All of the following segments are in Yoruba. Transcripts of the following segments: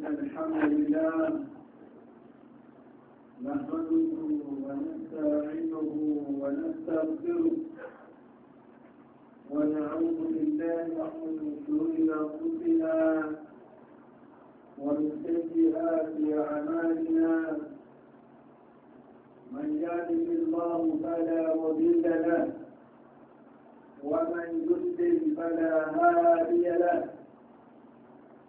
الحمد لله نحمده ونستعينه ونستغفره ونعوذ بالله من شرور انفسنا ومن سيئات اعمالنا من يهده الله فلا مضل له ومن يضلل فلا هادي له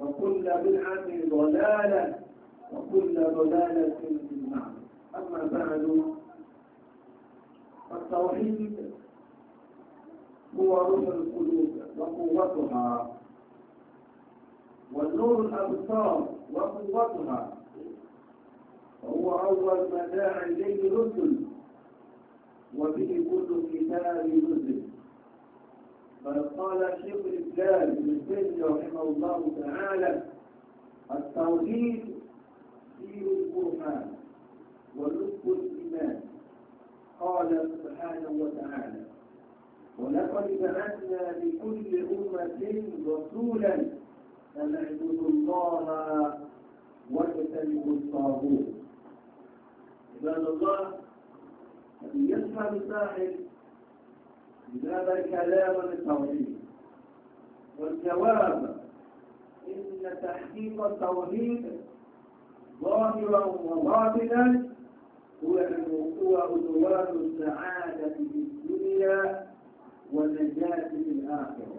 وكل بدعة ضلالة وكل ضلالة في النار أما بعد فالتوحيد هو روح القلوب وقوتها والنور الأبصار وقوتها وهو أول ما جاء إليه الرسل وبه كل كتاب نزل قال شيخ الإسلام ابن تيمية رحمه الله تعالى التوحيد دين القرآن ولب الإيمان قال سبحانه وتعالى ولقد بعثنا لكل أمة رسولا أن اعبدوا الله واجتنبوا الطاغوت عباد الله الذي يفهم الساحر هذا كلام التوحيد والجواب إن تحقيق التوحيد ظاهرا وباطنا هو هو عنوان السعادة في الدنيا والنجاة في الآخرة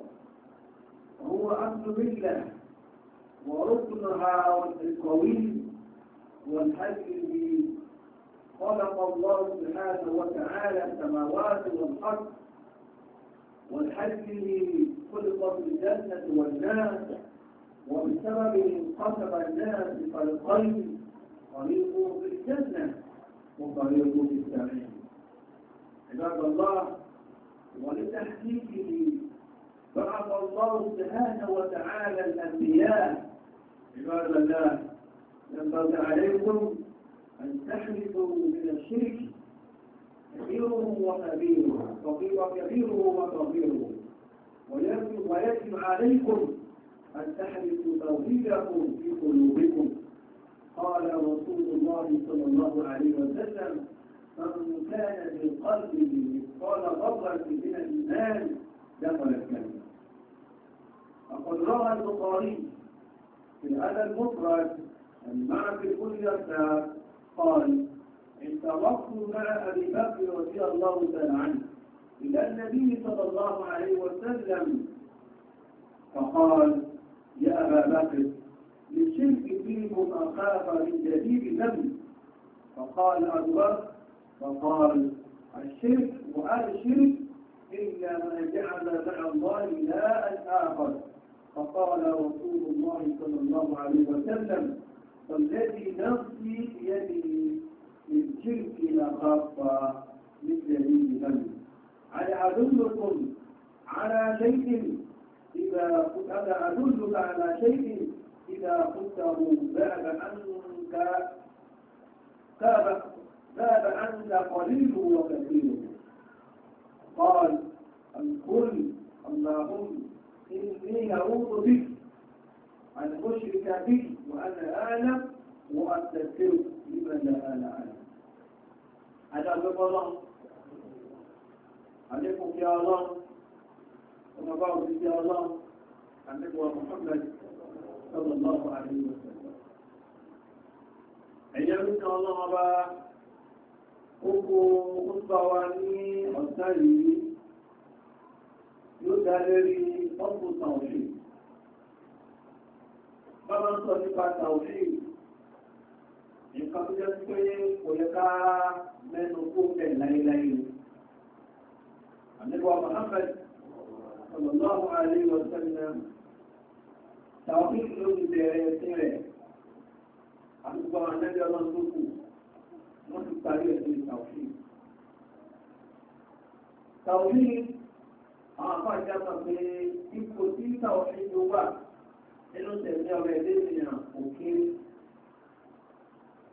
هو أصل الملة وركنها القوي والحج خلق الله سبحانه وتعالى السماوات والأرض ومن كل خلقت الجنة والناس وبسببه انقسم الناس فريقين طريقه في الجنة وطريقه في السعير عباد الله ولتحقيقه بعث الله سبحانه وتعالى الأنبياء عباد الله ينبغي عليكم أن تحرصوا من الشرك كبيره وكبيرها وكبيره وصغيره ويجب عليكم أن تحرقوا توحيدكم في قلوبكم قال رسول الله صلى الله عليه وسلم من كان في قلبه مثقال ذرة من الإيمان دخل الجنة وقد روى البخاري في هذا المفرد عن معبد كل يسار قال انطلقت مع أبي بكر رضي الله تعالى عنه إلى النبي صلى الله عليه وسلم فقال يا أبا بكر للشرك فيكم أخاف من جديد دم فقال أدبر فقال الشرك وآل الشرك إلا ما جعل مع الله لا آخر فقال رسول الله صلى الله عليه وسلم والذي نفسي بيده من شركنا خاصة للجليل ذنب هل أدلكم على شيء إذا أنا أدلك على شيء إذا قلته باب عنك تاب تاب عنك قليله وكثيره قال قل اللهم إني أعوذ بك أن أشرك بك وأنا أعلم وأستغفرك لمن لا أعلم adágbébọ́lọ́ àlékún kí ọlọ́run ọmọbá òbí kí ọlọ́run àlékún ọmọ Muhammad sallallahu alaihi wa sallam ẹ̀yẹ́ ń kan ọlọ́run ọba gbogbo ó bá wa ní ọ̀sá yìí yóò dá lérí ọ̀pọ̀ tàwọ̀ṣì sallallahu alaihi wa sallam tàwọn ló ti bẹ̀rẹ̀ ẹ̀sìn rẹ̀ àdúgbò anájọ́ lọ sókù wọ́n ti parí ẹ̀sìn tàwọn tàwọn àwọn afáàjá sọ pé ipò tí tàwọn ló wà nínú tẹ̀lé ọ̀rẹ́ ẹ̀dẹ́ ìrìnà òkè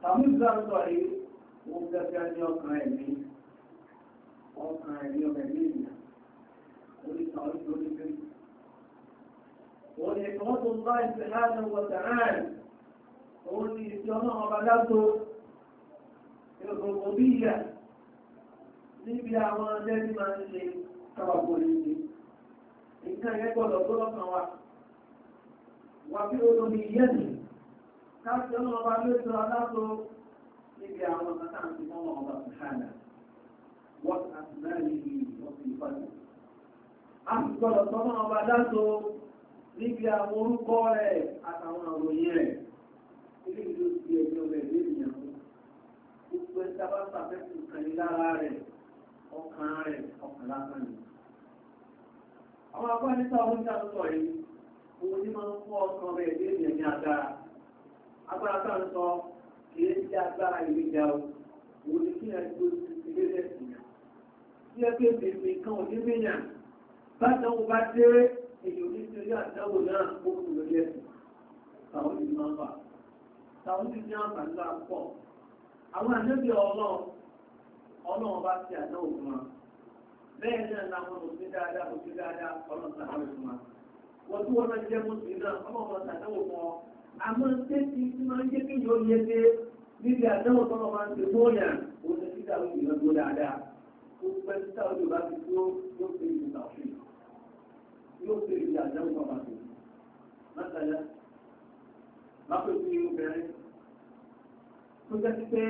tàwọn ìgbà ń sọ yìí wọ́n gẹ́gẹ́ ní ọkàn ẹ̀mí ọkàn ẹ̀mí ọ̀rẹ́ ẹ̀mí ìrìnà ونعمة الله سبحانه وتعالى قولي إسلام عبادته الربوبية níbi àwọn ẹlẹ́bí máa ń ṣe kábàbò ìṣe nǹkan yẹn gbọ́dọ̀ tó lọ́kàn wa wà bí o lómi yẹ́ ni káàkiri ọmọ ọba ló sọ aláàbò níbi àwọn ọmọ táà ń fi ọba sùhánà wọ́n wọ́n àtìgbọ́dọ̀ tọ́mọ́ ọba dáso níbi àwọn orúkọ rẹ̀ àtàwọn àròyìn rẹ̀ ilé ìlú ti ẹ̀jọ́ rẹ̀ lẹ́yìn àwọn gbogbo ẹ̀ta bá sàfẹ́kù kàní lára rẹ̀ ọkàn rẹ̀ ọkàn lásán ni. àwọn apá níta ọdún tá a sọ yìí òun ní máa ń fọ́ ọkàn rẹ̀ lẹ́yìn ẹ̀mí agbára agbára tá a sọ kì í ṣe agbára ìgbéga o òun ní kí ẹ̀ tó ti ilé lẹ́sìn yàn. kí ẹ pé bèbè kan ò ní Bátàwò bá dé èyí ò ní orí àdáwò náà ó kù lórí ẹ̀sìn. Àwọn ìlú máa bà. Àwọn ìlú ní àǹfààní náà pọ̀. Àwọn àjẹ́bí ọlọ́run, bá ti àdáwò fún wa. Bẹ́ẹ̀ náà làwọn òṣì dáadáa, òṣì dáadáa, ọlọ́run sàdáwò fún wa. Wọ́n tí wọ́n jẹ́ mọ́sùn náà, ọlọ́run sàdáwò fún ọ. Àmọ́ tẹ́tí tí máa ń jẹ́ kí yóò yẹ dé níbi àdáwò tó máa ń ṣe fóònù, òṣì ti yóò fèrè ìjà kan pàtó látàlá lápẹ̀kú obìnrin tó jẹ́ pé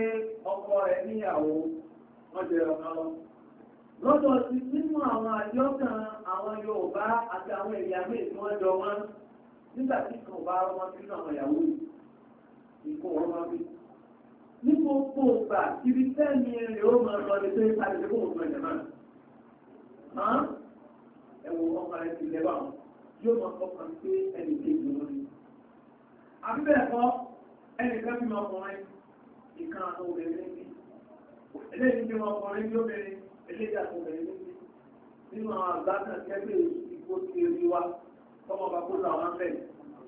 ọkọ rẹ̀ níyàwó wọ́n jẹ ọ̀kan lọ. lọ́dọ̀ sí nínú àwọn àjọkàn àwọn Yorùbá àti àwọn ẹ̀yà míì tí wọ́n jọ wọ́n nígbà tí kan bá àwọn ìyàwó wọn ibi rẹ̀ ó máa ní pé a lè fún ẹwọ ọkùnrin ti lẹ́wà yóò máa fọkàn pé ẹnì kejì wọn ni. àbí bẹ́ẹ̀ kọ́ ẹnì kan bí wọn ọkùnrin ìkan àwọn obìnrin ní eléyìí bí wọn ọkùnrin yóò bẹ̀rẹ̀ eléyìí àtọ̀ bẹ̀rẹ̀ ní nínú àwọn àgbà náà kẹ́gbẹ́ ìgbó ti rí wa tọmọ bá kó làwọn á bẹ̀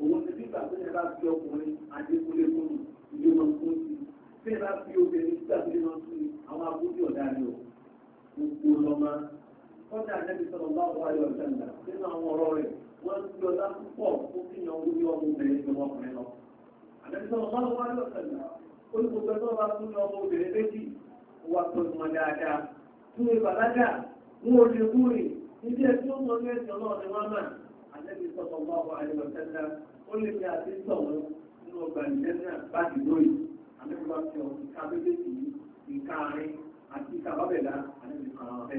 òun ti bí gbàgbé yẹn bá fi ọkùnrin adékúlé fún mi ìdí ọmọ fún mi bí bá fi obìnrin gbàgbé náà sí àwọn abúlé ọ̀dà kọ́dà nẹ́bí sọ̀rọ̀ bá wà yọ ìjọba nínú àwọn ọ̀rọ̀ rẹ̀ wọ́n ń fi ọlá púpọ̀ fún kíyàn owó yọ ọmọbìnrin tó wọ́n fún lọ. Ànẹ́bí sọ̀rọ̀ bá wà yọ ìjọba olùkọ́gbẹ́ tó bá tún yọ ọmọbìnrin méjì wà tó mọ̀ dáadáa. Tún ìbàlágà wọn ò lè kú rìn níbi ẹ̀ tí ó mọ ní ẹ̀sìn náà ni wọ́n mà. Ànẹ́bí sọ̀rọ̀ bá wà yọ ìjọba ó lè fi àti sọ̀rọ̀ nínú ọgbà ìjẹ́sìn àbájì lóyè. Ànẹ́bí wá fi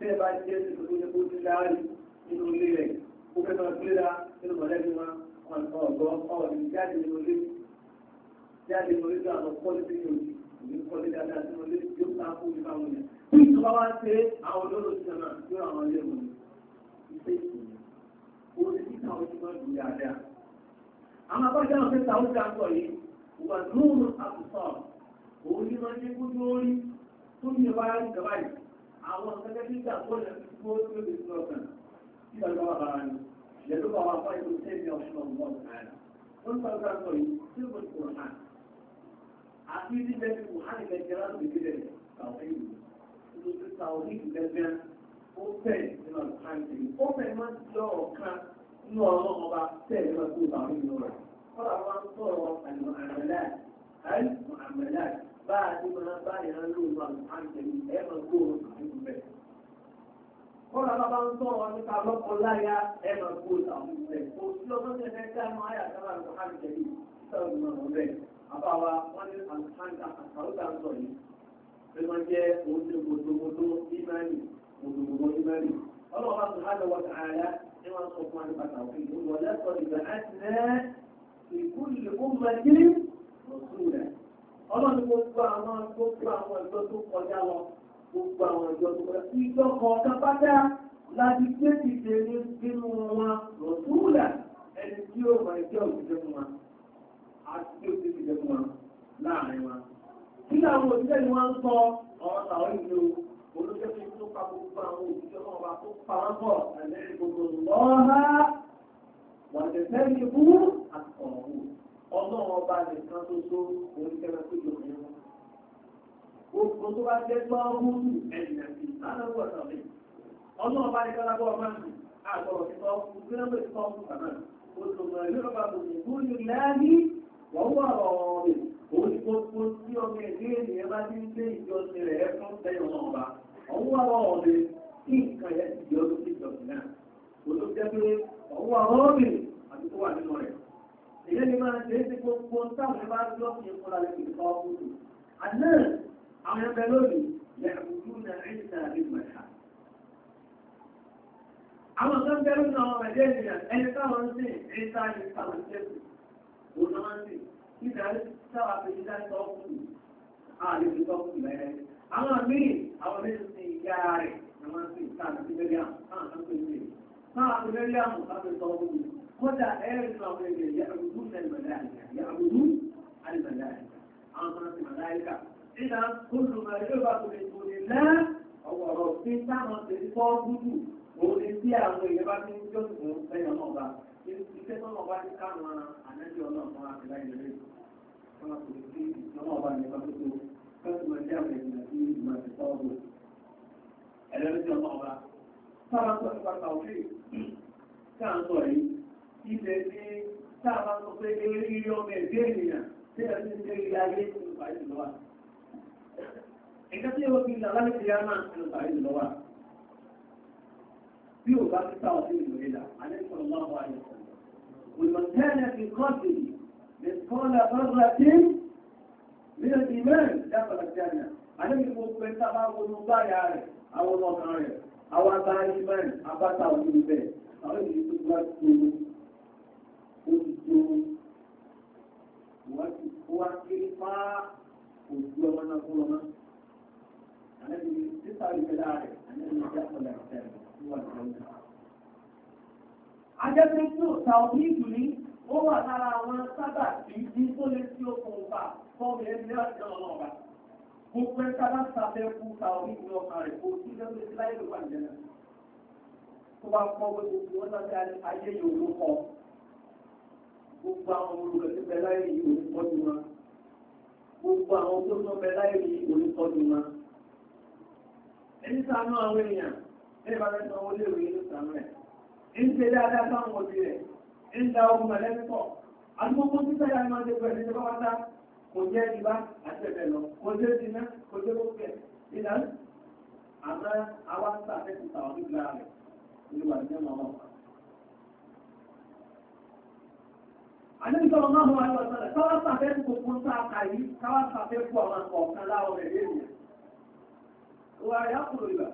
tí ẹ bá jẹ́ ìṣòro ní kó ti dáàrí nínú ilé rẹ̀ ó fẹ́ máa gbéra nínú mọ̀lẹ́bí wọn ọ̀gbọ́n ọ̀rìn jáde nínú ilé jáde nínú ilé tó àwọn kọ́lé sí òjì òní kọ́lé dáadáa sínú ilé yóò ká kó ní báwọn yẹn. bí ìjọba wá ń ṣe àwọn olóró ti sọ̀rọ̀ yóò àwọn ilé wọn ìṣe ìṣòro ó ní kí táwọn ti máa yìí wà lóòrùn àbùsọ̀ òun ní wọn ní kó tó rí tó ní ìjọba ìjọba àwọn akẹ́kẹ́ tí ìgbà tó lẹ̀ tó tó lè sọ ọ̀sán tí ọjọ́ wà bára ní lẹ́lú bá wà fáyé tó tẹ́ ìgbà ọ̀ṣun ọmọ ọ̀sán wọ́n sọ ọ̀gá sọ yìí tí ó kò hàn àti ní bẹ́ẹ̀ ti kò hàn ní bẹ́ẹ̀ jẹ́rán lè gbélé kàwé ìlú tó ti ta orí ìgbẹ́gbẹ́ ó fẹ́ nínú ọ̀sán ìlú bá a ti máa bá ìran lóòrùn àwọn àǹtẹ̀lì ẹ̀ máa gbóòrò àwọn ìbẹ̀. Kọ́lá bá bá ń tọ́ ọ nípa lọ́kọ láyà ẹ̀ máa gbóòrò àwọn ìbẹ̀. Kò sí ọmọ tẹ fẹ́ dá mọ́ àyà sábà lọ àǹtẹ̀lì sọ̀rọ̀ mọ́ ọ̀rọ̀ bẹ́ẹ̀. Bàbá wa wọ́n ní àǹtẹ̀lì àkàrọ̀tà ń sọ yìí. Bí wọ́n jẹ́ oúnjẹ gbogbogbò ìmáàlì gbogbogbò ìmáàlì. Ọlọ́run سبحانه وتعالى لمن في كل أمة رسولا ọlọ́run gbogbo àwọn gbogbo àwọn ẹ̀jọ́ tó kọjá lọ gbogbo àwọn ẹ̀jọ́ tó kọjá ìjọ kọ̀ọ̀kan pátá láti gbé dìde nínú wọn lọ́túùlà ẹni tí ó mọ ẹjọ́ òṣìṣẹ́ fún wa àti tí ó ti dìde fún wa láàrin wa. kí làwọn òṣìṣẹ́ ni wọ́n ń sọ ọ̀rọ̀ tàwọn ìlú olùkẹ́kẹ́ tó pa gbogbo àwọn òṣìṣẹ́ náà wà tó pa wọ́n bọ̀ ẹ̀lẹ́rìí gbogbo lọ́ha wà ọlọ́run ọba nìkan tó tó òun kẹrẹ tó yọ mí wọn. Gbogbo tó bá jẹ́ gbọ́ wúlù ẹ̀yìn àti ìsánàwọ̀ ọ̀sán mi. Ọlọ́run ọba nìkan lábọ́ ọmọ mi. Àgbọ̀rọ̀ ti sọ fún gbé lọ́gbẹ̀ ti sọ fún bàbá mi. Oṣùmọ̀ ìlú ọba kò ní kú ní láàbí wọ́n wà ọ̀rọ̀ mi. Òun ni gbogbo tí ọmọ ẹ̀dẹ́ ènìyàn bá ti ń gbé ìjọsìn ilé ni máa ṣe é ti gbogbo táwọn bá ń lọ́ọ̀kì fúnra rẹ̀ kì í kọ́ ọ́kùnrin. àná àwọn ẹgbẹ́ lónìí yàgùdú na ẹ̀yìnà rí mẹ́ta. àwọn kan bẹ́rù náà wọ́n rẹ̀ ènìyàn ẹni táwọn ń sìn ẹ̀ta ní táwọn ṣẹ́kù òun náà ń sìn nígbà táwọn àfẹ́yí dá sọ ọ́kùnrin àlè ti sọ ọ́kùnrin lẹ́yìn. àwọn míì àwọn méjì sin ìyá rẹ̀ ni wọ́n sìn táwọn ti bẹ́rẹ̀ àmù táwọn kódà ẹ̀rìn àwọn èdè yàgùdú ní màláìkà yàgùdú àti màláìkà àwọn ọmọ ti màláìkà nínú kóòtù màláìkà bá tó lè tó lè lá ọwọ́ ọ̀rọ̀ sí táwọn tẹ̀lé fọ́ gúdù òun ni tí àwọn èèyàn bá ti ń jọ́sìn fún lẹ́yìn ọmọ ọba iṣẹ́ tó ọmọ ọba ti káwọn ànájì ọlọ́ọ̀kan àti láì lẹ́lẹ́ ọmọ kò lè fi ní ọdún ilẹ̀ ní sáàbá sọ pé eré ilé ọmọ ẹ̀dẹ́ ènìyàn tí a ti ń tẹ́ ilé ayé ti ń parí lọ́wà. Ẹ̀ka tí ó fi ìlà láti fi àmà ti ń parí lọ́wà. Bí ò bá ti sá ọdún ìlú ìlà, àlẹ́kọ̀ọ́ máa wà ní ọ̀sán. Olùmọ̀tẹ́lẹ̀ fi kọ́ọ̀tì ní kọ́ọ̀lá bọ́ọ̀lá tí ní ọdún mẹ́rin dábàlá jáde. Àlẹ́kọ̀ọ́ ó ti tó wọ́n ti kó wá kiri fá òjú ọmọ náà fún ọmọ. Àlejò títà ìfẹ́lá rẹ̀ àlejò ìjà ọ̀la ìfẹ́ rẹ̀ tó wà lọ́wọ́. Ajẹ́pẹ́ tí ò ta omi ìlú ní ó wà lára àwọn sábà tí ní tó lè tí ó kún fà fọ́ọ̀mù ẹni láti ọ̀nà ọ̀ba. Gbogbo ẹ̀ka bá sábẹ́ kú ta omi ìlú ọkàn rẹ̀ kó tí lọ́dún ti láyé ló wà nílẹ̀. Tó bá kọ́ gbogbo wọn lọ́sẹ̀ ayé yòówó kọ́ gbogbo àwọn olùkọ́ tó bẹ láyé yìí ò ní tọ́jú wọn gbogbo àwọn tó tó bẹ láyé yìí ò ní tọ́jú wọn. ẹni sànú àwọn èèyàn ẹni bá fẹ́ sanwó lè rí inú sànú rẹ̀ ń ṣe dáadáa sáwọn òbí rẹ̀ ń da ohun mọ̀lẹ́bí pọ̀ àdúgbò tí sáyà máa ṣe pẹ̀lú ìjọba wáta kò jẹ́ ìbá àti ẹ̀bẹ̀ lọ kò jẹ́ ìdíná kò jẹ́ gbogbo ẹ̀ ìdáná àmọ́ àwa ń sàfẹ́ àdébìtọ̀ máa wà lọ sọ́dọ̀ káwá sàfẹ́kù gbogbo sáàkà yìí káwá sàfẹ́kù àwọn ọ̀kan láwọn ẹ̀dẹ́ ènìyàn wà yàkùrù ìbà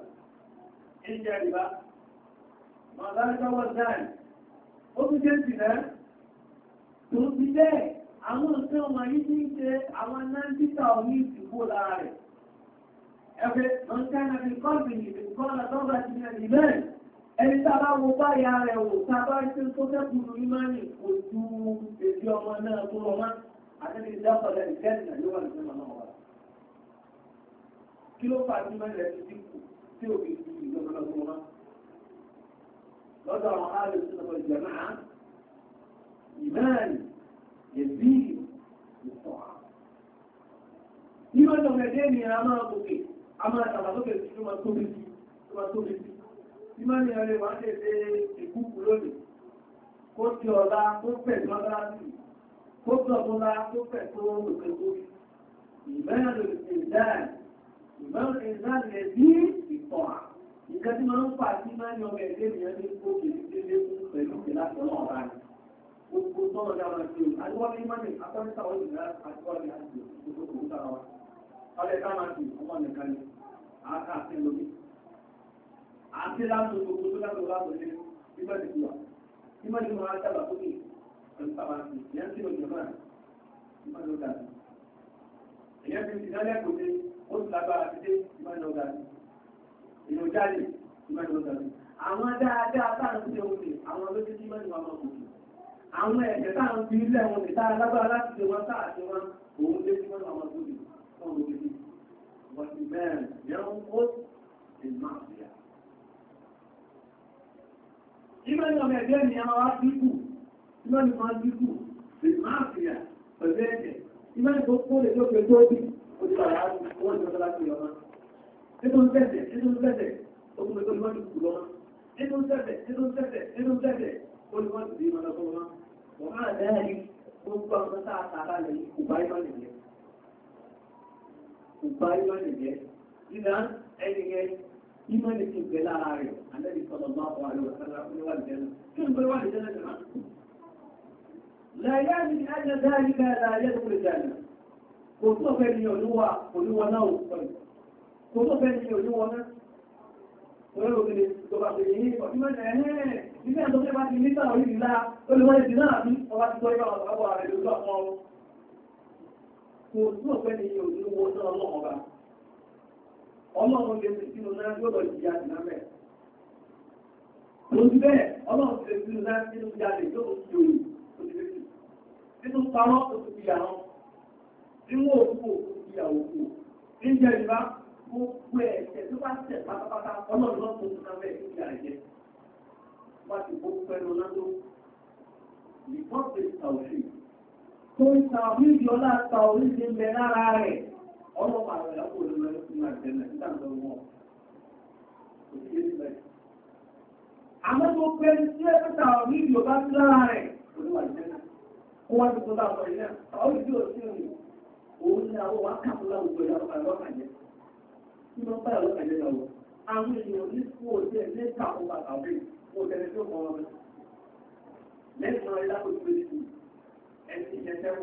ìjẹ ìbá màdájọ́wọ́ dáì ó tún jẹ́ ìsìnlẹ̀ tó ti bẹ́ẹ̀ àwọn nǹkan wọ̀nyí ti ń ṣe àwọn náńtítà omi ìsìnkú lára rẹ̀ ẹgbẹ́ mọ̀ńkánà bí kọ́ọ̀bì ìbìkọ́ ẹni tàbá wo bá ya rẹ̀ wò tàbá tí ó tẹ́kùnrù ìmáàlì kò ju èdè ọmọ náà tó lọ má àtẹ́lẹ̀ ìdáfọ̀lẹ̀ ìkẹ́rìnà ló wà nínú ọmọ wa kí ló fà sí mẹ́rẹ̀ ti dínkù tí ò fi ju ìjọba náà tó lọ má lọ́dọ̀ àwọn ààrẹ tó lọ jẹ̀má ìmáàlì èdè ìfọ̀ nínú ọjọ́ mẹ́rin ni a máa gòkè a máa tàbá tí ó tóbi ìmọ́ni ọ̀rẹ́ wà lè fẹ́ ìkúkú lónìí kó tí ọ̀la tó pẹ̀ lọ́lá sí kó tọ̀tọ̀lá tó pẹ̀ tó lòkè lórí ìmẹ́rin ìdáì ìmẹ́rin ìdáì lè bí ìtọ̀ ìkẹ́ tí máa ń fà sí máa ń yọ ọmọ ẹ̀dẹ́ ìyẹn ní kókè délé fún pẹ̀lú ìlà tọ́lọ́ ọ̀la rẹ̀ gbogbo tọ́lọ́ dára sí o àdúgbò ní mọ́ni akọ́nítà ó lè rà àti láti gbogbo tó láti wà lórí ìmọ̀lẹ́gbà ìmọ̀lẹ́gbà máa sábà sókè pẹ̀lú pàmàtì ìyẹn tí òjò náà ìmọ̀lẹ́gbà ìyẹn tí ó ti lágbára ti dé ìmọ̀lẹ́gbà ìyẹn jáde àwọn dáadáa táà ń ṣe òun lé àwọn tó ti ìmọ̀ ní ọmọ ẹgbẹ́ ni a máa wá dínkù ìmọ̀ ni máa dínkù sí máa fi à pẹ̀lú ẹ̀jẹ̀ ìmọ̀ ní tó kó lè tó fẹ́ tó bí ó ti bàrá wọ́n ti lọ́tọ́ láti ọmọ nínú sẹ́sẹ̀ nínú sẹ́sẹ̀ ogun ẹgbẹ́ ìmọ̀ ní kù lọ́mọ nínú sẹ́sẹ̀ nínú sẹ́sẹ̀ nínú sẹ́sẹ̀ ó ní wọ́n ti di ìmọ̀lọ́kọ́ wọn wọ́n á dẹ́rẹ́ gbogbo àwọn tá a tààrà lẹ́yìn kò bá ìmọ̀ nìyẹn kò bá ìmọ̀ nìyẹn ìmọ̀ ní kí n bẹ̀ lára rẹ̀ alẹ́bí sọ̀rọ̀ bá wà lọ sára fún wà lẹ́nu kí n bẹ̀ wà lẹ́nu náà láyé ní ajá dáadé ká láyé tó lè dáadé kò tó fẹ́ ní olúwa olúwa náà ò pẹ̀lú kò tó fẹ́ ní olúwa náà Orí òkèlè tó bá fèrè ní ọdún ẹ̀hẹ́n ilé ẹ̀tọ́ tó bá ti ní sáà orí ìlà olúwa ọlọ́run lè fi sínú náà yóò lọ ìyá ìná mẹ́. Òun bẹ́ẹ̀ ọlọ́run lè fi sínú náà sínú jáde yóò fi òyìn òṣèlú. Nínú pamọ́ kò ti fi àwọn. Nínú òkú kò ti fi àwọn òkú. Níjẹ́ ìbá gbogbo ẹ̀ṣẹ̀ tó bá tẹ̀ pátápátá ọlọ́run náà kò tún náà bẹ́ẹ̀ tó fi àjẹ. Wọ́n ti kó pẹ́nu náà tó. Ìfọ́sẹ̀ tàwùsì. Kó ìtàwùsì ọlá tàwùsì ń bẹ lára rẹ̀ ọlọ́pàá rẹ̀ lápò olóòrùn ẹni fún àjẹ́lẹ̀ nígbàgbọ́ wọn kò sí èsì àmọ́ tó pé tí ẹ pẹ́ta ọ̀rí ìlú bá ti lára rẹ̀ olúwa ìjẹ́lẹ̀ kó wá tó mọ́ ọ lẹ́yìn náà wò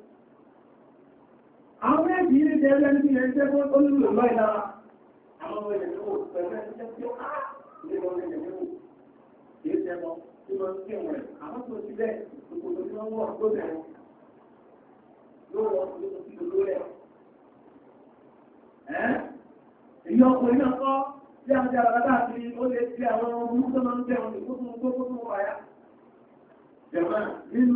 àwọn ẹ̀bí tẹ́lẹ̀ ní ilẹ̀ tẹ́ fún olúlò lọ ìlara àwọn ọmọ tí ó á lè lọ ilẹ̀ lẹ́wọ̀ kìí tí wọ́n ti wọ̀n rẹ̀ àwọn tó ti bẹ́ẹ̀ ìkòkò tí wọ́n wọ̀ tó bẹ̀rẹ̀ ló wọ́n tó ti lò lórí ẹ̀. èyí ọkùnrin náà kọ́ bí àwọn jàrá bàtà àti ó lè fi àwọn ọmọ ọmọ tó máa ń bẹ̀rù ní kó tó ń gbó kó tó ń wáyà. jẹ̀mọ́ nínú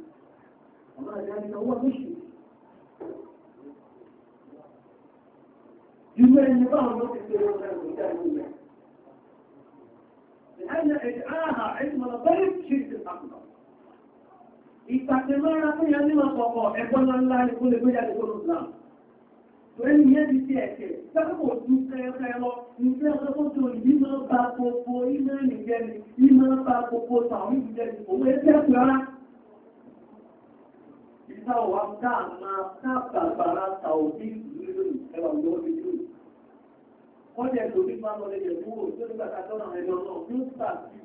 ومع fún ìyá nímọ̀ pọ̀pọ̀ ẹ̀gbọ́n ńlá ikú lè gbéjà lè gbọ́nà náà tó ẹni yẹ́ di ti ẹ̀kẹ́ sábàbò tún kẹ́ẹ̀kẹ́ lọ nígbẹ́ ọ̀sọ́kọ́ tó yìí máa ba gbogbo iná nìjẹ́ni yìí máa ba gbogbo táwa táàmà tábàbàrà tàòbí ìlú ẹwà lọ́wọ́ ti dùn. wọ́n jẹ́ lórí máa lọ lẹ́yẹ̀ fún òun tó nígbà tàbí ọ̀nà ẹ̀yọ náà ní ìgbà tí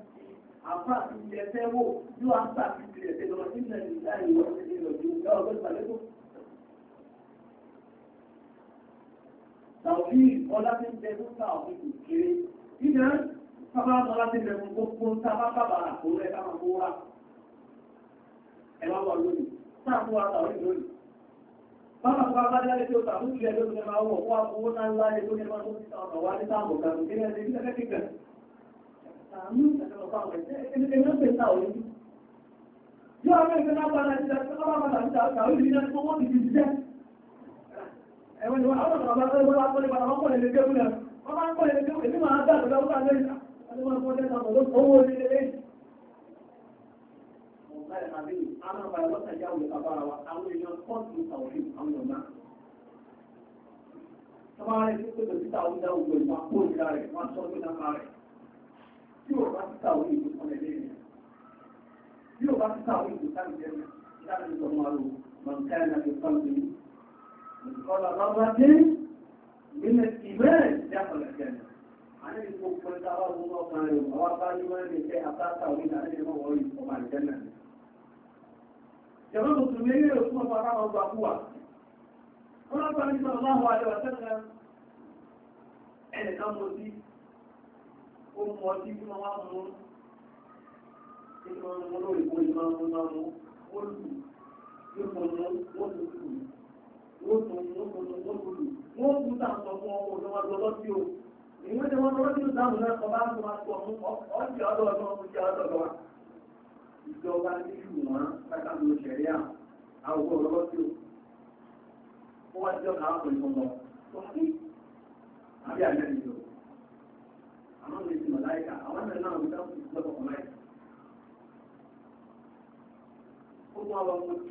àpá àti ilẹ̀ ẹ̀fẹ́ wò yóò á gbà tí ilẹ̀ ẹ̀fẹ́ lọ sí ilẹ̀ ìgbà ìwọ̀ ẹ̀fẹ́ lọ sí ìgbà ọ̀gbẹ́ ìgbàlẹ́kọ̀ọ́. tàòbí ọlá ti ń bẹ fún tàòbí kò kéré. ìdá sábà mọ́lá ti bẹ fún gbogbo sábà bàbàrà kó rẹ̀ ká máa kó wá. ẹ wá wà lónìí sáàmù àtàwọn ìlú rẹ̀. ní máa tó ti sọ̀rọ̀ wá ní sáàmù kàrù kí ẹni ní ẹgbẹ́ kíkẹ̀. Sàmú ìṣẹ̀lẹ̀ ọ̀pá ọ̀rẹ́ ẹni ẹgbẹ́ ń pè sáà òní. Yóò àwọn ìgbẹ́ náà padà ti dàgbà bá padà ti dàgbà ó lè ní owó ti ti jẹ́. Ẹ̀wọ̀n ni wọ́n àwọn ọ̀rọ̀ bá fẹ́ wọ́n wá kọ́lé padà wọ́n kọ́lé lè gẹ́gùn náà. Wọ́n máa ń àlàbí àwọn àbàlẹ̀ lọ́sàájà wò bàbá wa àwọn èèyàn kọ́ọ̀tù tàwọn àwọn ọ̀nà. Tọ́wọ́ rẹ̀ ti pé lòdì kó ìlà rẹ̀ wọ́n sọ pé rẹ̀. Bí o bá ti táwọn ìlú kan lè lẹ́yìn. Bí o bá ti táwọn ìlú kan lè lẹ́yìn. Láti sọ máa lo mọ̀nkẹ́ náà fi kọ́ mi. Ìkọlà lọ́wọ́ dé. Ìgbìmọ̀ ìbẹ̀rẹ̀ ìjáfọ̀ lẹ́jẹ̀ náà. عليه يكون كل تعرض الله تعالى وقال لي ما لي شيء Ṣẹ̀rọ Mùsùlùmí ilé rẹ̀ fún ọmọ àwọn ọgbà fúwà. Wọ́n lọ́pàá ní sọ̀rọ̀ máa wà lẹ́wà sẹ́ta ẹnìkan mọ̀ sí, ó mọ̀ sí fún ọmọ mú, ìmọ̀ mú lórí ìwé ìmọ̀ mú máa mú, ó lù, ìmọ̀ mú, ó lù lù, ó tún mú, ó tún mú, ó lù lù. Wọ́n kú sàǹsọ̀ fún ọmọ òṣèwọ́n lọ́lọ́ sí o. Ìwé ni wọ́n lọ́lọ́ sí o dáhùn náà, ọba ìjọba nílù wọn pátánù ṣẹ̀ríà àwọ̀ ọ̀rọ̀ tí ó wá jọ náà pẹ̀lú ọmọ tó ń bí àbí àjẹ́ ìjọ. Àwọn ọmọ ìsìn mọ̀láìkà, àwọn ẹ̀rọ náà wọ́n dáhùn ọmọ ẹ̀. Ó àwọn ọmọ tí.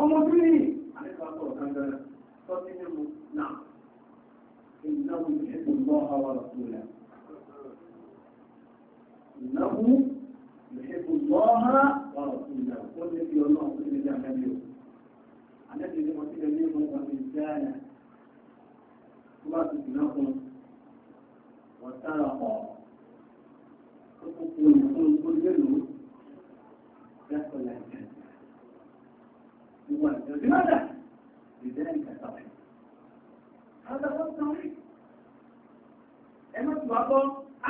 ọmọbìnrin àlẹ́kọ̀ọ́ kankan tọ́sí nínú náà ìnáwó ìṣẹ́gun lọ́ àwọn àkúrẹ́ ìnáwó ìṣẹ́gun lọ́ àwọn àkúrẹ́ ó ní bí ọlọ́run tó ní bí àmẹ́bí o àmẹ́bí ni wọ́n ti lè ní ìmọ̀ ìgbàgbé ìjáàyà tó bá ti dìná fún wọ́n sára ọ̀ tó kókó ìfún olùgbélòó dákọ̀ láìpẹ́. مؤثر لماذا؟ لذلك التوحيد هذا هو التوحيد ẹmọ́ tí wàá gbọ́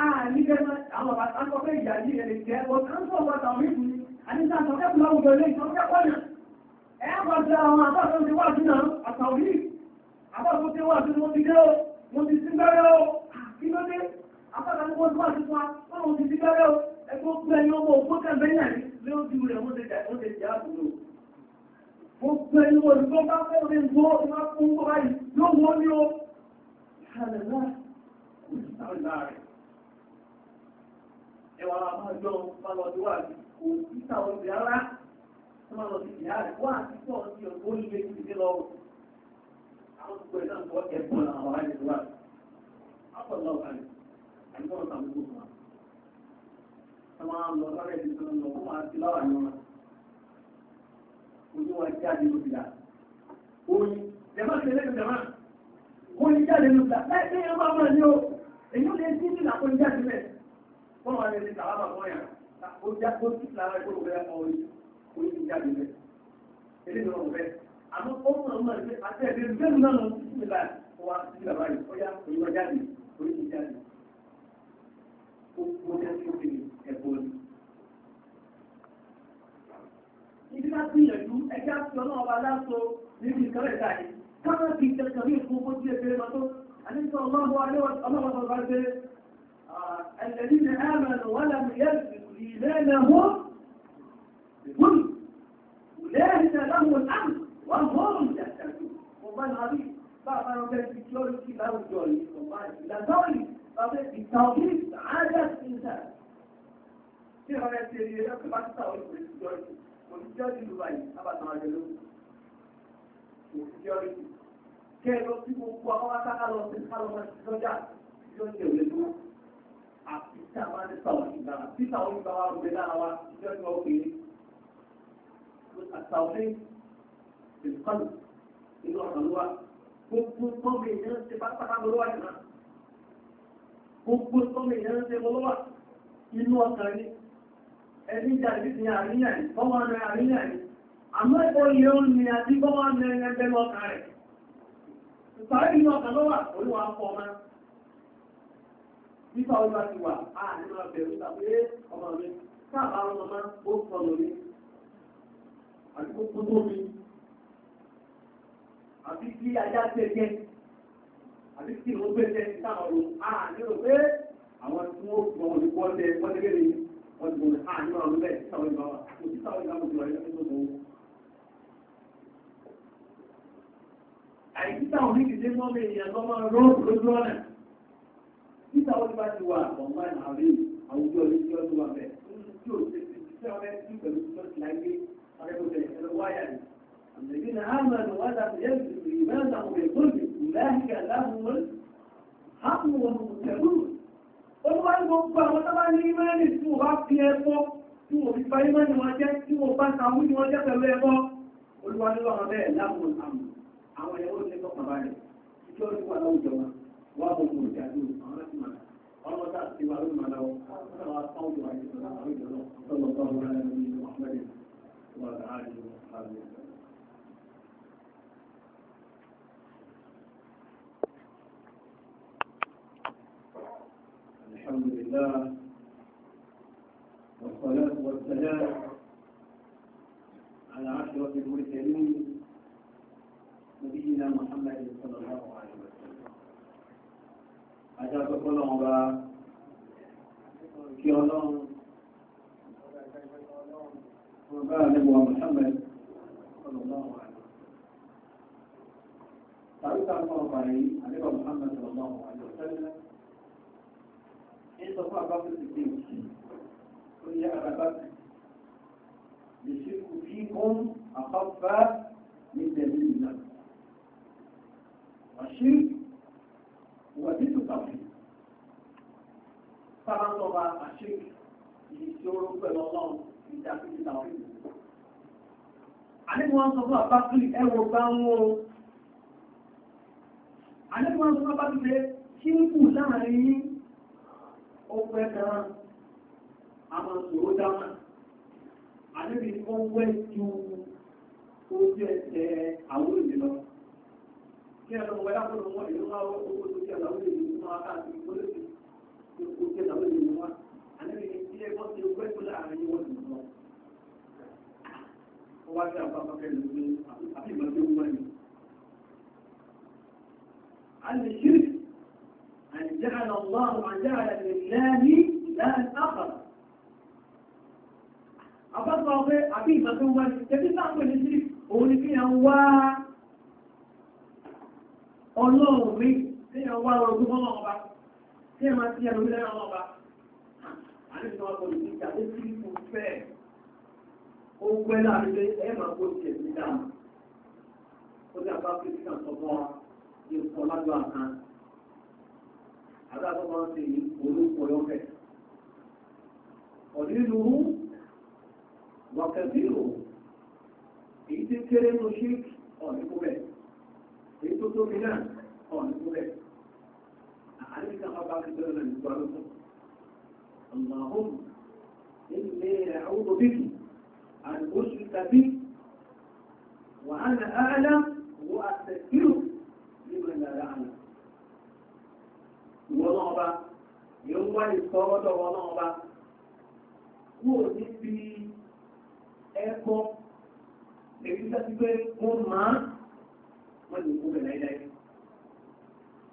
àníkẹ́mọ́ àwọn àtàkọ́ fẹ́ ìyá yìí ẹ̀lẹ́ jẹ́ ọ táńsọ̀ wà tàwọn ìlú ni àníkà àtọ̀kẹ́kù láwùjọ ilé ìtọ́kẹ́ pọ̀nà ẹ̀ wà jẹ́ àwọn àtàkọ́ ti wà sínú àtàwọn yìí àtàkọ́ ti wà sínú ti dé o mo ti sí gbẹ́rẹ́ o kí ló dé àtàkọ́ ti wà sínú àtúntò wọn mo ti sí gbẹ́rẹ́ o ẹgbẹ́ òkú ẹni ọmọ òkú tẹ̀lé náà lé ojú rẹ̀ wọ́n ti jẹ́ àbúrò gbogbo ẹni wọn bá fẹ́ rí mọ́ ọmọ fún báyìí ló wọ́n ní ó kàlẹ̀ láàrín kò sí sáré láàrín ẹwà àmọ́jọ́ bá lọ sí wà ní kò sí sáré ọ̀dẹ̀ ara tó máa lọ sí ìyá rẹ̀ wà sí sọ sí ọ̀gbọ́n ní ilé ìdílé lọ àwọn gbogbo ẹ̀ náà kọ́ ẹ̀bùn àwọn àyè tó wà ápọ̀ lọ́wọ́ àyè àyè tó wọ́n sàmúgbò fún wa. Wọ́n máa ń lọ sáré ìdílé lọ fún wa sí láwàá yọ̀ wọn ojú jáde ló fìlà oyin jẹ̀má ti máa ní o èyí ó lè dín ní ìlà oyin jáde mẹ́ wọ́n wà lẹ́nu ìtàwá bàbá wọn yàrá ó já ó ti fìlà rẹ̀ kó o bẹ́ẹ̀ ọ jáde mẹ́ èyí ni wọ́n bẹ́ àmọ́ ó mọ̀ mọ̀ ní àti ẹ̀dẹ̀ bẹ́ẹ̀ náà lọ sí ìlà wa sí ìlà báyìí ó yá oyin wa jáde oyin jáde ó mọ̀ ní ẹ̀kọ́ ibi ká gbìyànjú ẹjá fi ọlọ́ọ̀bá láso níbi ìkẹ́rẹ́ ìdáyé káwọn fi ìtẹ̀kàn ní ìfún fún díẹ̀ fẹ́rẹ́ mọ́tò àníṣe ọlọ́ọ̀bọ̀ ọlọ́ọ̀bọ̀ bá ṣe الذين آمنوا ولم يلبسوا إيمانهم بظلم أولئك لهم الأمن وهم يهتدون والله العظيم بعد ما كان في كلوريتي لا وجوري والله لا دوري التوحيد عادة الإنسان في هذا السيرية لا تبقى التوحيد oníṣẹ́ọ̀dì ìlúwà yìí abàtàn àjẹló òṣìṣẹ́ọ̀dì kẹ́ ẹ lọ sí gbogbo àwọn akáká sí kálọ́mọ ìṣọ́jà yóò ṣe òwe tó àti máa ń sọ àwọn ìgbà tí àwọn ìgbà wa rúbẹ lára wa iṣẹ́ ní ọkùnrin àtàwọn ìkọlù inú ọ̀sán ló wà gbogbo tọ́mọ èèyàn ṣe pátápátá ló wà jù náà gbogbo tọ́mọ èèyàn ṣe lọ́wọ́ inú ọkàn ni ẹni jàdí ti àríyàn kọ́mọ rẹ̀ àríyàn àmọ́ ẹ̀kọ́ yẹ ó ní àti kọ́mọ rẹ̀ ẹgbẹ́ lọ́ka rẹ̀ ìparí ní ọkà lọ́wà olúwa fọ́ ọmọ nípa olúwa ti wà á nínú ọbẹ̀ òkúta pé ọmọ mi káàbà ọmọ máa ó sọ lórí àti kí ajá tẹ́jẹ́ àti kí ìwọ́n gbẹ́jẹ́ sáwọn ọ̀rọ̀ á nínú pé àwọn tí wọ́n gbọ́n olùkọ́ tẹ wọ́n tẹ́gẹ́ wọ́n ti gbọ́dọ̀ káà nígbà wọn bẹ́ẹ̀ táwọn ìgbà wa kò sí táwọn ìgbà wọn ti wà ní ọdún tó àìsí táwọn oníkèdè mọ́ mi èèyàn lọ máa rọ́ lójú ọ̀nà tí táwọn ìgbà ti wà ọ̀gbọ́n àrí àwùjọ ní ti ọdún wa bẹ̀ tí ó ti ti ti ọmọ ẹni pẹ̀lú ṣọ́ọ̀ṣì láyé akẹ́kọ̀ọ́ ẹ̀rọ wáyà ni الذين آمنوا ولا يلبسوا إيمانهم بظلم أولئك لهم الحق وهم مهتدون wọ́n wá ní gbogbo àwọn tábà ní ìmẹ́rin tí wọ́n bá fi ẹ̀kọ́ tí wọ́n fi fa ìmẹ́rin wọn jẹ́ tí wọ́n bá ta wí ni wọ́n jẹ́ pẹ̀lú ẹ̀kọ́ olúwa ní wọn bẹ́ẹ̀ láwọn àmì àwọn ẹ̀wọ́ ní ẹ̀kọ́ bàbá rẹ̀ ìjọ ní wà láwùjọ wa wà á gbogbo ìjà ní àwọn láti máa ọmọ tá àti wà lónìí máa wọ́n táwọn àwùjọ àti ìjọba àwùjọ náà الحمد لله والصلاة والسلام على عشرة المرسلين نبينا محمد صلى الله عليه وسلم أجاب كل عمرا في الله وقال محمد صلى الله عليه وسلم تعرف عن الله محمد صلى الله عليه وسلم sọ fún ti dé òkè ó ní àbábọ̀ lè ṣe kò fi hún àkọ́fà ní tẹ̀lé ìlà ọ̀ṣí wà nínú kàfí sábà ń sọba àṣẹ ìdí tí ó rọ pẹ̀lú ọlọ́run kí ń kù láàrin yín ó pẹ́ kan àmọ́ dámà àníbi ó wẹ́ ju ojú ẹsẹ̀ àwọn òyìnbí kí ẹ̀rọ wẹ́ lápọ̀lọ́ wọn èyí máa wọ́n owó tó jẹ́ àwọn ó wá sí a lè ṣírí جعل الله جعل لله لا آخر àbábọ̀ ọgbẹ́ àbí ìgbàgbọ́ wá ní tẹ́bí sáàpẹ̀ ní sírí òun ni kí a wá ọlọ́run rí tí a wá ọrọ̀gbọ́n mọ́ ọba tí a máa ti ẹ̀rọ ilẹ̀ ọba àríṣọ́ ọkọ̀ ní ìjà tó kí kò fẹ́ ó pẹ́ láàrin ẹ máa kó tiẹ̀ sí dáa ó dé àbá pé kí kàn ní ìkọlájọ àkáǹtì على رأسه قلوب ويوكل قليله وكثيره في تذكر المشرك قال قبل في تطمئن قال قبل عليك أربع كثيرا من بارك اللهم إني أعوذ بك أن أشرك بي وأنا أعلم وأستكبر لمن لا يعلم ìwọ náà yóò ń wá ìsọ ọ̀dọ̀ wọn náà bá kúrò níbi ẹ̀kọ́ èyí tó pé wọ́n máa wọ́n lè kú bẹ̀rẹ̀ láìláì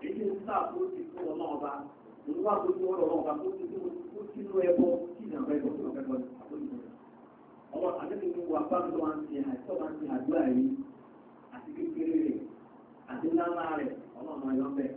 èyí ń sá àbúrò ti fún ọ náà bá wá gbogbo ọ̀rọ̀ náà bá tó ti fún ti lọ ẹbọ kí ìdàn bá ẹbọ tó lọ bẹbọ àbójútó ọmọ àdébìnrin ní wàá bá mi lọ àti àìsàn máa ń ti àdúrà yìí àti kékeré rẹ̀ àti ńláńlá rẹ̀ ọmọ àmọ́ ẹ̀yọ́ bẹ́ẹ̀.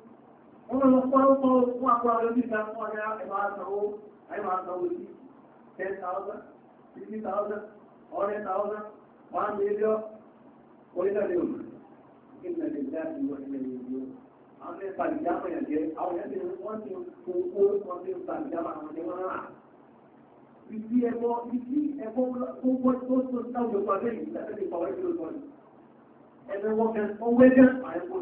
wọ́n lọ pọ́ lọ́pọ́ fún àpò àwọn ẹbí ìta fún ọjà ẹ̀mà àtàwó ẹ̀mà àtàwó sí ten thousand fifty thousand hundred thousand one million orílẹ̀-èdè òmù ìgbìmọ̀ lè dá ìwọ̀ ilẹ̀ ìlú àwọn ẹ̀ pàdìjámọ̀ yẹn jẹ́ àwọn ẹ̀ wọ́n ti fún owó wọn ti pàdìjámọ̀ àwọn ẹ̀ wọ́n rà ìdí ẹ̀kọ́ ìdí ẹ̀kọ́ gbogbo tó tó táwọn ọ̀pọ̀ abẹ́yìn ìgbà tẹ́lẹ̀ pàwọ́ ìlú ọ̀pọ̀ ẹ̀mẹ̀wọ̀ kẹ́ ọwẹ́ gẹ́ àyẹ̀kọ́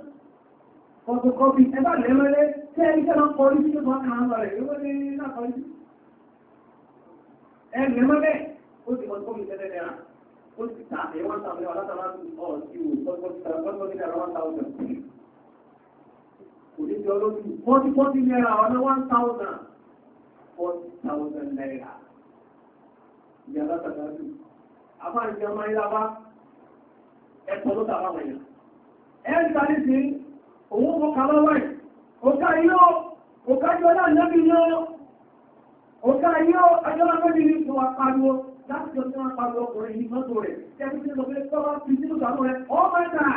photocopy ẹbá lẹ́mẹ́lẹ́ tẹ́ ẹgbẹ́ máa kọrí sí ọmọ àwọn rẹ̀ yóò ní lákọrí sí ẹ lẹ́mẹ́lẹ́ ó ti photocopy tẹ́lẹ̀ lẹ́ra ó ti ta ẹ̀ wọ́n tàbí wà látàlá ọ̀ sí o photocopy tẹ́lẹ̀ wọ́n tàbí kò ní jọ lójú photocopy lẹ́ra ọ̀nà one thousand forty thousand naira ìyá látàlá sí àbá ìjọba ìlàbá ẹ̀kọ́ ló tàbá wọ̀nyà ẹ̀ ń tàbí sí òun mọ́ kàmọ́ wáyé ọ̀ká yóò ọ̀ká jọlá nẹ́bí yóò ọ̀ká yóò ajọ́lá ní fún apariwo láti jọ sí wọn ọkùnrin ní mọ́tò rẹ̀ tẹ́bí lọ pé tọ́wọ́ fi sínú ìgbàmú rẹ̀ ọ́ mẹ́ta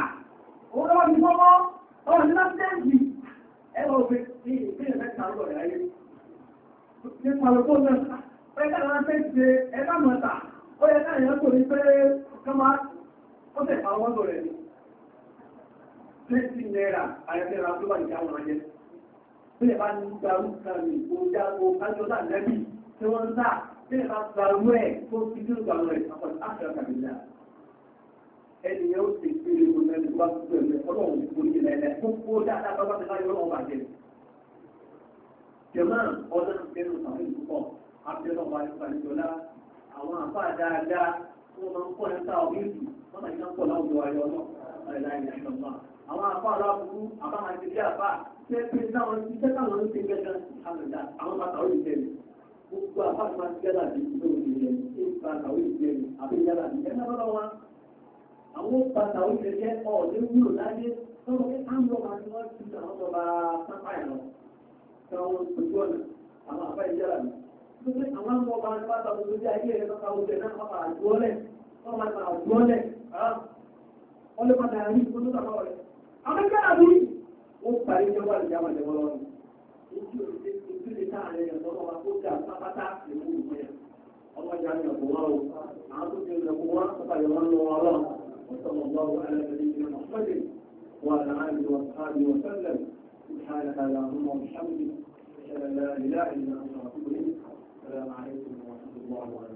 twenty naira àyẹ̀fẹ́ ra tó bá ìjà wọn jẹ. bí ẹ bá ní darú kan ní ìgbóhùnjá kó kájọ náà lẹ́bí tí wọ́n ń tà bí ẹ bá darú ẹ̀ tó fi dúró darú ẹ̀ àpọ̀jù àṣà kàmìlà. ẹni yẹn ó ti fi ewu lẹ́nu wá gbogbo ẹ̀mí ọlọ́run ti forí ilẹ̀ ẹ̀ tó kó dáadáa bá bá ti láyé ọlọ́run bàjẹ́. jẹ̀mọ́ ọdún àbẹ̀rù sàmì púpọ̀ àbẹ̀rù ọba ìfàlẹ́jọ́lá àwọn àbá dáadáa wọ́n àwọn afọ aláburú àbáwọn àtẹlẹ àbá ṣe pé táwọn iṣẹ́ táwọn ń gẹ́gẹ́ àmìlà àwọn bàtà ó lè mi gbogbo àbá àti máa gẹ́gẹ́ àti ìṣòro lè jẹ mi ṣé bàtà ó lè mi àbí yàrá mi ẹ̀ka lọ́dọ̀ wa àwọn bàtà ó lè jẹ ọ̀ọ́dẹ wúlò láyé tọ́wọ́ pé àwọn ọba ni wọ́n ti àwọn ọba sápá ẹ̀ lọ táwọn ojú ọ̀nà àwọn àbá ìyàrá mi pé àwọn ọba ni bàtà ó lè jẹ ayé rẹ̀ lọ́ka oúnjẹ náà wọ́n máa dúọ́lẹ̀ wọ́n máa dúọ́lẹ̀ ọlọ́pàá Amẹ́ríkà àbí ó parí ní wà lìyàwó ẹ̀dẹ̀wọ́ lọ́wọ́ ni. Ojú òṣèlú ojú lè ká àárẹ̀ ẹ̀dọ́ lọ́wọ́ tó dà pápátá ìlú ìgbẹ́. Ọmọ ìyá ni ọ̀pọ̀ wọn o. Àwọn tó ti ń lọ́kọ̀ wọn ọ̀pọ̀ ìyá wọn lọ́wọ́ ọlọ́run. Wọ́n sọ wọn lọ́wọ́ ẹlẹ́gbẹ̀rẹ́ ìgbẹ́ mọ̀fọ́dé. Wọ́n àlá àyè wọn sáàbì wọn sẹ́lẹ̀. سبحانك اللهم وبحمدك أشهد أن لا إله إلا أنت أستغفرك السلام عليكم ورحمة الله وبركاته